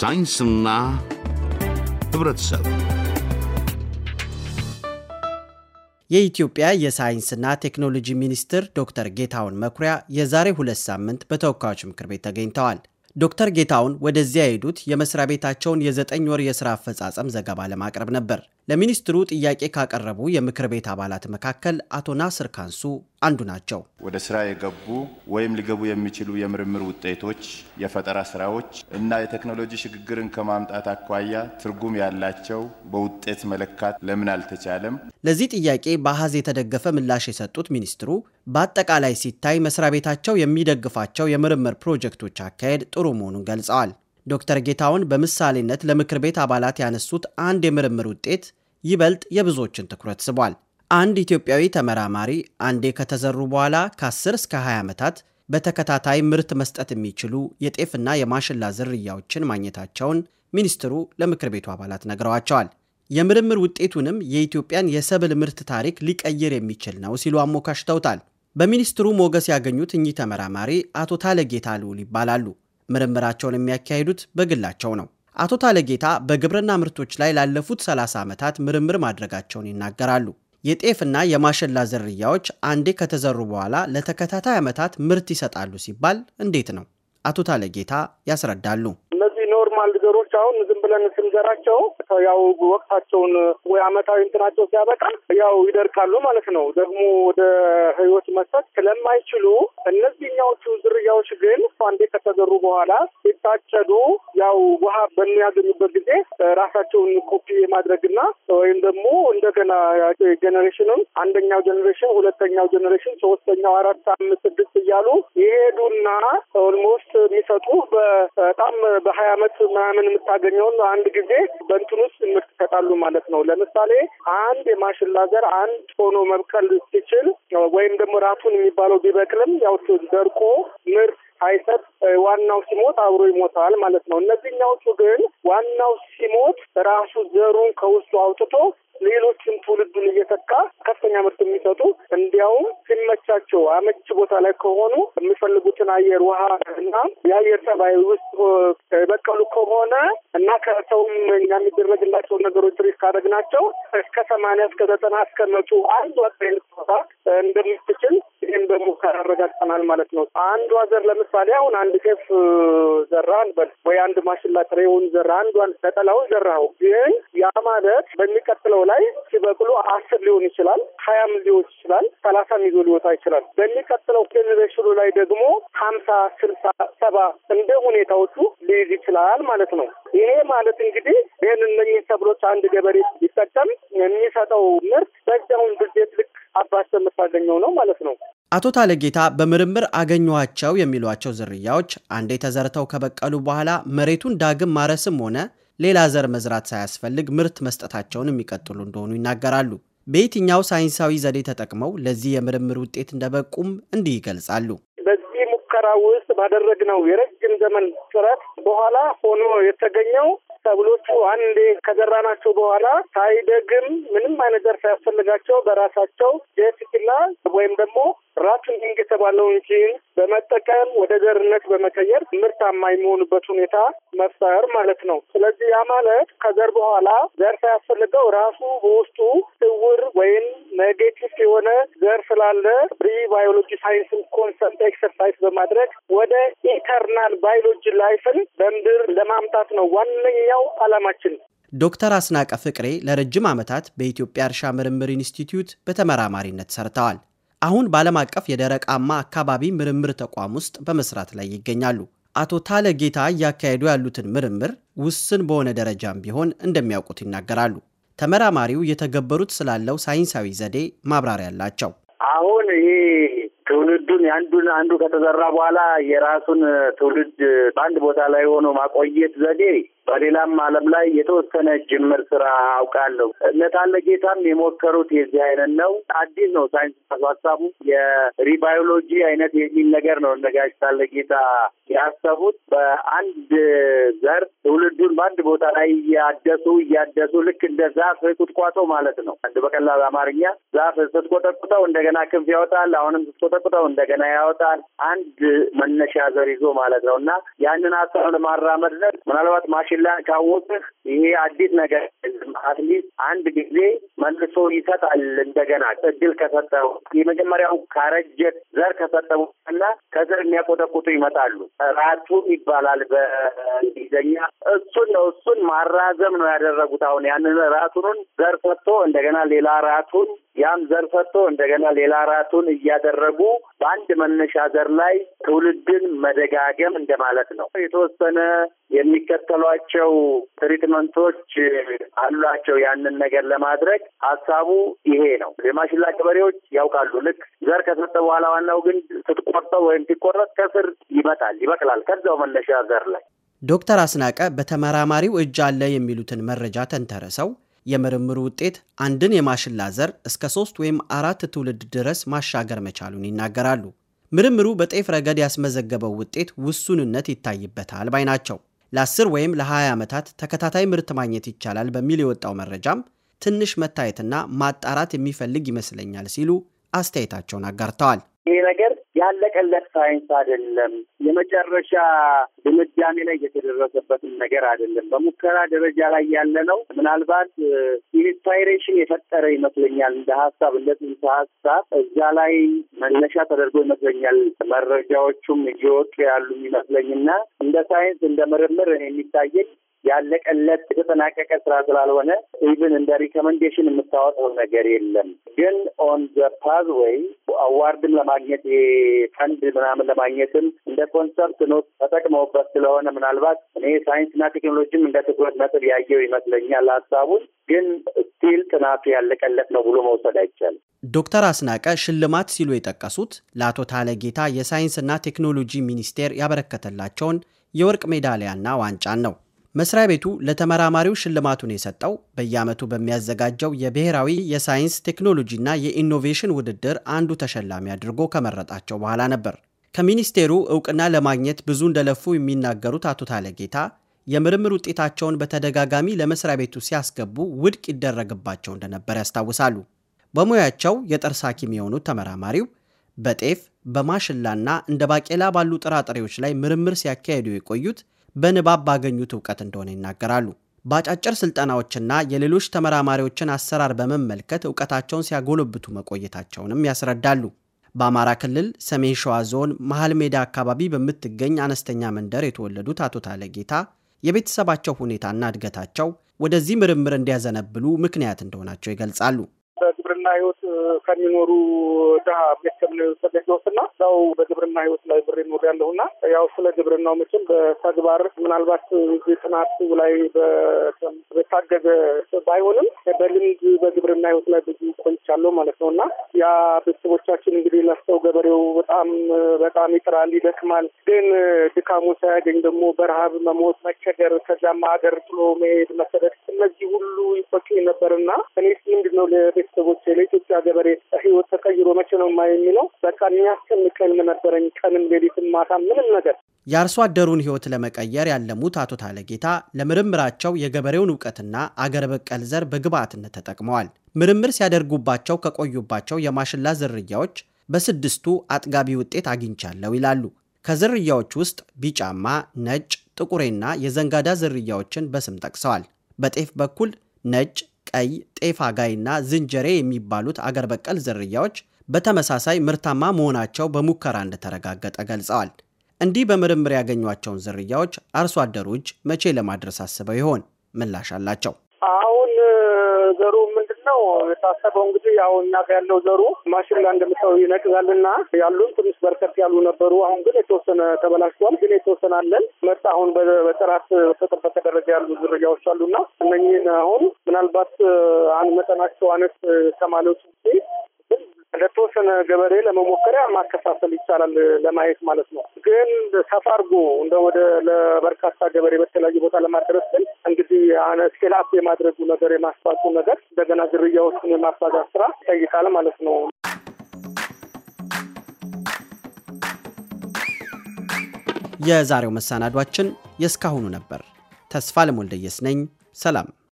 ሳይንስና ህብረተሰብ የኢትዮጵያ የሳይንስና ቴክኖሎጂ ሚኒስትር ዶክተር ጌታውን መኩሪያ የዛሬ ሁለት ሳምንት በተወካዮች ምክር ቤት ተገኝተዋል። ዶክተር ጌታውን ወደዚያ የሄዱት የመስሪያ ቤታቸውን የዘጠኝ ወር የስራ አፈጻጸም ዘገባ ለማቅረብ ነበር። ለሚኒስትሩ ጥያቄ ካቀረቡ የምክር ቤት አባላት መካከል አቶ ናስር ካንሱ አንዱ ናቸው። ወደ ስራ የገቡ ወይም ሊገቡ የሚችሉ የምርምር ውጤቶች፣ የፈጠራ ስራዎች እና የቴክኖሎጂ ሽግግርን ከማምጣት አኳያ ትርጉም ያላቸው በውጤት መለካት ለምን አልተቻለም? ለዚህ ጥያቄ በአሃዝ የተደገፈ ምላሽ የሰጡት ሚኒስትሩ በአጠቃላይ ሲታይ መስሪያ ቤታቸው የሚደግፋቸው የምርምር ፕሮጀክቶች አካሄድ ጥሩ መሆኑን ገልጸዋል። ዶክተር ጌታውን በምሳሌነት ለምክር ቤት አባላት ያነሱት አንድ የምርምር ውጤት ይበልጥ የብዙዎችን ትኩረት ስቧል። አንድ ኢትዮጵያዊ ተመራማሪ አንዴ ከተዘሩ በኋላ ከ10 እስከ 20 ዓመታት በተከታታይ ምርት መስጠት የሚችሉ የጤፍና የማሽላ ዝርያዎችን ማግኘታቸውን ሚኒስትሩ ለምክር ቤቱ አባላት ነግረዋቸዋል። የምርምር ውጤቱንም የኢትዮጵያን የሰብል ምርት ታሪክ ሊቀይር የሚችል ነው ሲሉ አሞካሽተውታል። በሚኒስትሩ ሞገስ ያገኙት እኚህ ተመራማሪ አቶ ታለጌታ ልዑል ይባላሉ። ምርምራቸውን የሚያካሂዱት በግላቸው ነው። አቶ ታለጌታ በግብርና ምርቶች ላይ ላለፉት 30 ዓመታት ምርምር ማድረጋቸውን ይናገራሉ። የጤፍና የማሸላ ዝርያዎች አንዴ ከተዘሩ በኋላ ለተከታታይ ዓመታት ምርት ይሰጣሉ ሲባል እንዴት ነው? አቶ ታለጌታ ያስረዳሉ። ኖርማል ዘሮች አሁን ዝም ብለን ስንዘራቸው ያው ወቅታቸውን ወይ አመታዊ እንትናቸው ሲያበቃ ያው ይደርቃሉ ማለት ነው። ደግሞ ወደ ህይወት መስጠት ስለማይችሉ እነዚህኛዎቹ ዝርያዎች ግን አንዴ ከተዘሩ በኋላ ሲታጨዱ ያው ውሃ በሚያገኙበት ጊዜ ራሳቸውን ኮፒ የማድረግና ወይም ደግሞ እንደገና ጀኔሬሽንም አንደኛው ጀኔሬሽን፣ ሁለተኛው ጀኔሬሽን፣ ሶስተኛው፣ አራት፣ አምስት፣ ስድስት እያሉ ይሄዱና ኦልሞስት የሚሰጡ በጣም በሀያ አመት ምናምን የምታገኘውን አንድ ጊዜ በእንትን ውስጥ ምርት ይሰጣሉ ማለት ነው። ለምሳሌ አንድ የማሽላ ዘር አንድ ሆኖ መብቀል ሲችል ወይም ደግሞ ራሱን የሚባለው ቢበቅልም ያው ደርቆ ምርት አይሰጥ ዋናው ሲሞት አብሮ ይሞታል ማለት ነው። እነዚህኛዎቹ ግን ዋናው ሲሞት ራሱ ዘሩን ከውስጡ አውጥቶ ሌሎችን ትውልዱን እየተካ ከፍተኛ ምርት የሚሰጡ እንዲያውም ሲመቻቸው አመች ቦታ ላይ ከሆኑ የሚፈልጉትን አየር፣ ውሃ እና የአየር ጠባይ ውስጥ የበቀሉ ከሆነ እና ከሰውም እኛ የሚደረግላቸው ነገሮች ሪስክ አደረግናቸው እስከ ሰማንያ እስከ ዘጠና እስከ መቶ አንዱ አጠኝ ቦታ እንደምትችል ይህም በሙከራ አረጋግጠናል ማለት ነው። አንዱ ዘር ለምሳሌ አሁን አንድ ጤፍ ዘራን በል ወይ አንድ ማሽላ ጥሬውን ዘራ አንዷን ነጠላውን ዘራው ግን ያ ማለት በሚቀጥለው ላይ ሲበቅሉ አስር ሊሆን ይችላል፣ ሀያም ሊሆን ይችላል፣ ሰላሳም ይዞ ሊወጣ ይችላል። በሚቀጥለው ጀኔሬሽኑ ላይ ደግሞ ሀምሳ ስልሳ ሰባ እንደ ሁኔታዎቹ ሊይዝ ይችላል ማለት ነው። ይሄ ማለት እንግዲህ ይህን እነኝህ ሰብሎች አንድ ገበሬ ቢጠቀም የሚሰጠው ምርት በዚያውን ብዜት ልክ አባስ የምታገኘው ነው ማለት ነው። አቶ ታለጌታ በምርምር አገኘኋቸው የሚሏቸው ዝርያዎች አንዴ ተዘርተው ከበቀሉ በኋላ መሬቱን ዳግም ማረስም ሆነ ሌላ ዘር መዝራት ሳያስፈልግ ምርት መስጠታቸውን የሚቀጥሉ እንደሆኑ ይናገራሉ። በየትኛው ሳይንሳዊ ዘዴ ተጠቅመው ለዚህ የምርምር ውጤት እንደበቁም እንዲህ ይገልጻሉ። በዚህ ሙከራ ውስጥ ባደረግነው የረጅም ዘመን ጥረት በኋላ ሆኖ የተገኘው ሰብሎቹ አንዴ ከዘራናቸው በኋላ ሳይደግም ምንም አይነት ዘር ሳያስፈልጋቸው በራሳቸው ጄሲላ ወይም ደግሞ ራሱን መንገሰብ እንጂ በመጠቀም ወደ ዘርነት በመቀየር ምርታማ የሚሆኑበት ሁኔታ መፍጠር ማለት ነው። ስለዚህ ያ ማለት ከዘር በኋላ ዘር ሳያስፈልገው ራሱ በውስጡ ስውር ወይም ኔጌቲቭ የሆነ ዘር ስላለ ሪ ባዮሎጂ ሳይንስን ኮንሰርት ኤክሰርሳይዝ በማድረግ ወደ ኢተርናል ባዮሎጂ ላይፍን በምድር ለማምጣት ነው ዋነኛው አላማችን። ዶክተር አስናቀ ፍቅሬ ለረጅም ዓመታት በኢትዮጵያ እርሻ ምርምር ኢንስቲትዩት በተመራማሪነት ሰርተዋል። አሁን በዓለም አቀፍ የደረቃማ አካባቢ ምርምር ተቋም ውስጥ በመስራት ላይ ይገኛሉ። አቶ ታለ ጌታ እያካሄዱ ያሉትን ምርምር ውስን በሆነ ደረጃም ቢሆን እንደሚያውቁት ይናገራሉ። ተመራማሪው የተገበሩት ስላለው ሳይንሳዊ ዘዴ ማብራሪያ አላቸው። አሁን ይህ ትውልዱን የአንዱን አንዱ ከተዘራ በኋላ የራሱን ትውልድ በአንድ ቦታ ላይ ሆኖ ማቆየት ዘዴ በሌላም ዓለም ላይ የተወሰነ ጅምር ስራ አውቃለሁ። ለታለ ጌታም የሞከሩት የዚህ አይነት ነው። አዲስ ነው ሳይንስ ሀሳቡ የሪባዮሎጂ አይነት የሚል ነገር ነው። እነጋሽ ታለ ጌታ ያሰቡት በአንድ ዘር ትውልዱን በአንድ ቦታ ላይ እያደሱ እያደሱ ልክ እንደ ዛፍ ቁጥቋጦ ማለት ነው። አንድ በቀላል አማርኛ ዛፍ ስትቆጠቁጠው እንደገና ክንፍ ያወጣል። አሁንም ስትቆጠቁጠው እንደገና ያወጣል። አንድ መነሻ ዘር ይዞ ማለት ነው እና ያንን ሀሳብ ለማራመድ ምናልባት ማሽን ችላ ካወቅህ ይሄ አዲስ ነገር አትሊስት አንድ ጊዜ መልሶ ይሰጣል። እንደገና እድል ከሰጠው የመጀመሪያው ካረጀ ዘር ከሰጠው እና ከዘር የሚያቆጠቁጡ ይመጣሉ። ራቱ ይባላል በእንግሊዝኛ። እሱን ነው እሱን ማራዘም ነው ያደረጉት። አሁን ያንን ራቱንን ዘር ሰጥቶ እንደገና ሌላ ራቱን ያም ዘር ፈጥቶ እንደገና ሌላ ራቱን እያደረጉ በአንድ መነሻ ዘር ላይ ትውልድን መደጋገም እንደማለት ነው። የተወሰነ የሚከተሏቸው ትሪትመንቶች አሏቸው። ያንን ነገር ለማድረግ ሀሳቡ ይሄ ነው። የማሽላ ገበሬዎች ያውቃሉ። ልክ ዘር ከሰጠ በኋላ ዋናው ግን ስትቆርጠው ወይም ሲቆረጥ ከስር ይመጣል፣ ይበቅላል ከዛው መነሻ ዘር ላይ ዶክተር አስናቀ በተመራማሪው እጅ አለ የሚሉትን መረጃ ተንተረሰው የምርምሩ ውጤት አንድን የማሽላ ዘር እስከ ሶስት ወይም አራት ትውልድ ድረስ ማሻገር መቻሉን ይናገራሉ። ምርምሩ በጤፍ ረገድ ያስመዘገበው ውጤት ውሱንነት ይታይበታል ባይ ናቸው። ለ10 ወይም ለ20 ዓመታት ተከታታይ ምርት ማግኘት ይቻላል በሚል የወጣው መረጃም ትንሽ መታየትና ማጣራት የሚፈልግ ይመስለኛል ሲሉ አስተያየታቸውን አጋርተዋል። ይህ ነገር ያለቀለት ሳይንስ አይደለም። የመጨረሻ ድምዳሜ ላይ የተደረሰበትን ነገር አይደለም። በሙከራ ደረጃ ላይ ያለ ነው። ምናልባት ኢንስፓይሬሽን የፈጠረ ይመስለኛል እንደ ሀሳብ እንደ ጽንሰ ሀሳብ እዛ ላይ መነሻ ተደርጎ ይመስለኛል መረጃዎቹም እየወጡ ያሉ ይመስለኝና እንደ ሳይንስ እንደ ምርምር የሚታየኝ ያለቀለት የተጠናቀቀ ስራ ስላልሆነ ኢቭን እንደ ሪኮመንዴሽን የምታወጣው ነገር የለም። ግን ኦን ዘ ፓዝ ወይ አዋርድም ለማግኘት ፈንድ ምናምን ለማግኘትም እንደ ኮንሰርት ኖት ተጠቅመውበት ስለሆነ ምናልባት እኔ ሳይንስና ቴክኖሎጂም እንደ ትኩረት ነጥብ ያየው ይመስለኛል። ሀሳቡን ግን ስቲል ጥናቱ ያለቀለት ነው ብሎ መውሰድ አይቻልም። ዶክተር አስናቀ ሽልማት ሲሉ የጠቀሱት ለአቶ ጌታ የሳይንስና ቴክኖሎጂ ሚኒስቴር ያበረከተላቸውን የወርቅ ሜዳሊያና ዋንጫን ነው። መስሪያ ቤቱ ለተመራማሪው ሽልማቱን የሰጠው በየዓመቱ በሚያዘጋጀው የብሔራዊ የሳይንስ ቴክኖሎጂና የኢኖቬሽን ውድድር አንዱ ተሸላሚ አድርጎ ከመረጣቸው በኋላ ነበር። ከሚኒስቴሩ እውቅና ለማግኘት ብዙ እንደለፉ የሚናገሩት አቶ ታለጌታ የምርምር ውጤታቸውን በተደጋጋሚ ለመስሪያ ቤቱ ሲያስገቡ ውድቅ ይደረግባቸው እንደነበር ያስታውሳሉ። በሙያቸው የጥርስ ሐኪም የሆኑት ተመራማሪው በጤፍ በማሽላና እንደ ባቄላ ባሉ ጥራጥሬዎች ላይ ምርምር ሲያካሂዱ የቆዩት በንባብ ባገኙት እውቀት እንደሆነ ይናገራሉ። በአጫጭር ስልጠናዎችና የሌሎች ተመራማሪዎችን አሰራር በመመልከት እውቀታቸውን ሲያጎለብቱ መቆየታቸውንም ያስረዳሉ። በአማራ ክልል ሰሜን ሸዋ ዞን መሀል ሜዳ አካባቢ በምትገኝ አነስተኛ መንደር የተወለዱት አቶ ታለ ጌታ የቤተሰባቸው ሁኔታና እድገታቸው ወደዚህ ምርምር እንዲያዘነብሉ ምክንያት እንደሆናቸው ይገልጻሉ። በግብርና ህይወት ከሚኖሩ ድሀ ቤተሰብ ነው የተገኘሁት እና ያው በግብርና ህይወት ላይ ብር ኖር ያለሁ እና ያው ስለ ግብርናው መቼም በተግባር ምናልባት ጥናት ላይ በታገዘ ባይሆንም በልምድ በግብርና ህይወት ላይ ብዙ ቆይቻለሁ ማለት ነው እና ያ ቤተሰቦቻችን እንግዲህ ለፍተው ገበሬው በጣም በጣም ይጥራል፣ ይደክማል። ግን ድካሙ ሳያገኝ ደግሞ በረሃብ መሞት፣ መቸገር፣ ከዚያም ሀገር ጥሎ መሄድ፣ መሰደድ እነዚህ ሁሉ ይቆጩኝ ነበርና እኔስ ምንድን ነው ለቤተሰቦቼ ለኢትዮጵያ ገበሬ ህይወት ተቀይሮ መቼ ነው ማ የሚለው በቃ የሚያስጨንቅ ህልም ነበረኝ። ቀንም ሌሊትም ማታ ምንም ነገር። የአርሶ አደሩን ህይወት ለመቀየር ያለሙት አቶ ታለጌታ ለምርምራቸው የገበሬውን እውቀትና አገር በቀል ዘር በግብዓትነት ተጠቅመዋል። ምርምር ሲያደርጉባቸው ከቆዩባቸው የማሽላ ዝርያዎች በስድስቱ አጥጋቢ ውጤት አግኝቻለሁ ይላሉ። ከዝርያዎች ውስጥ ቢጫማ፣ ነጭ፣ ጥቁሬና የዘንጋዳ ዝርያዎችን በስም ጠቅሰዋል። በጤፍ በኩል ነጭ ቀይ፣ ጋይ እና ዝንጀሬ የሚባሉት አገር በቀል ዝርያዎች በተመሳሳይ ምርታማ መሆናቸው በሙከራ እንደተረጋገጠ ገልጸዋል። እንዲህ በምርምር ያገኟቸውን ዝርያዎች አርሶ አደሩ እጅ መቼ ለማድረስ አስበው ይሆን? ምላሽ አላቸው። አሁን ዘሩም ነው የታሰበው። እንግዲህ ያው እኛ ጋ ያለው ዘሩ ማሽን ጋር እንደምታው ይነቅዛል እና ያሉን ትንሽ በርከት ያሉ ነበሩ። አሁን ግን የተወሰነ ተበላሽቷል፣ ግን የተወሰነ አለን መጣ። አሁን በጥራት በተጠበቀ ደረጃ ያሉ ዝርያዎች አሉና እነኝህን አሁን ምናልባት አንድ መጠናቸው አነስ ከማለት ለተወሰነ ገበሬ ለመሞከሪያ ማከፋፈል ይቻላል ለማየት ማለት ነው። ግን ሰፋ አድርጎ እንደ ወደ ለበርካታ ገበሬ በተለያዩ ቦታ ለማድረስ ግን እንግዲህ ስኬላፕ የማድረጉ ነገር የማስፋቱ ነገር እንደገና ዝርያዎችን የማባዛት ስራ ይጠይቃል ማለት ነው። የዛሬው መሰናዷችን የእስካሁኑ ነበር። ተስፋ ለሞልደየስ ነኝ። ሰላም።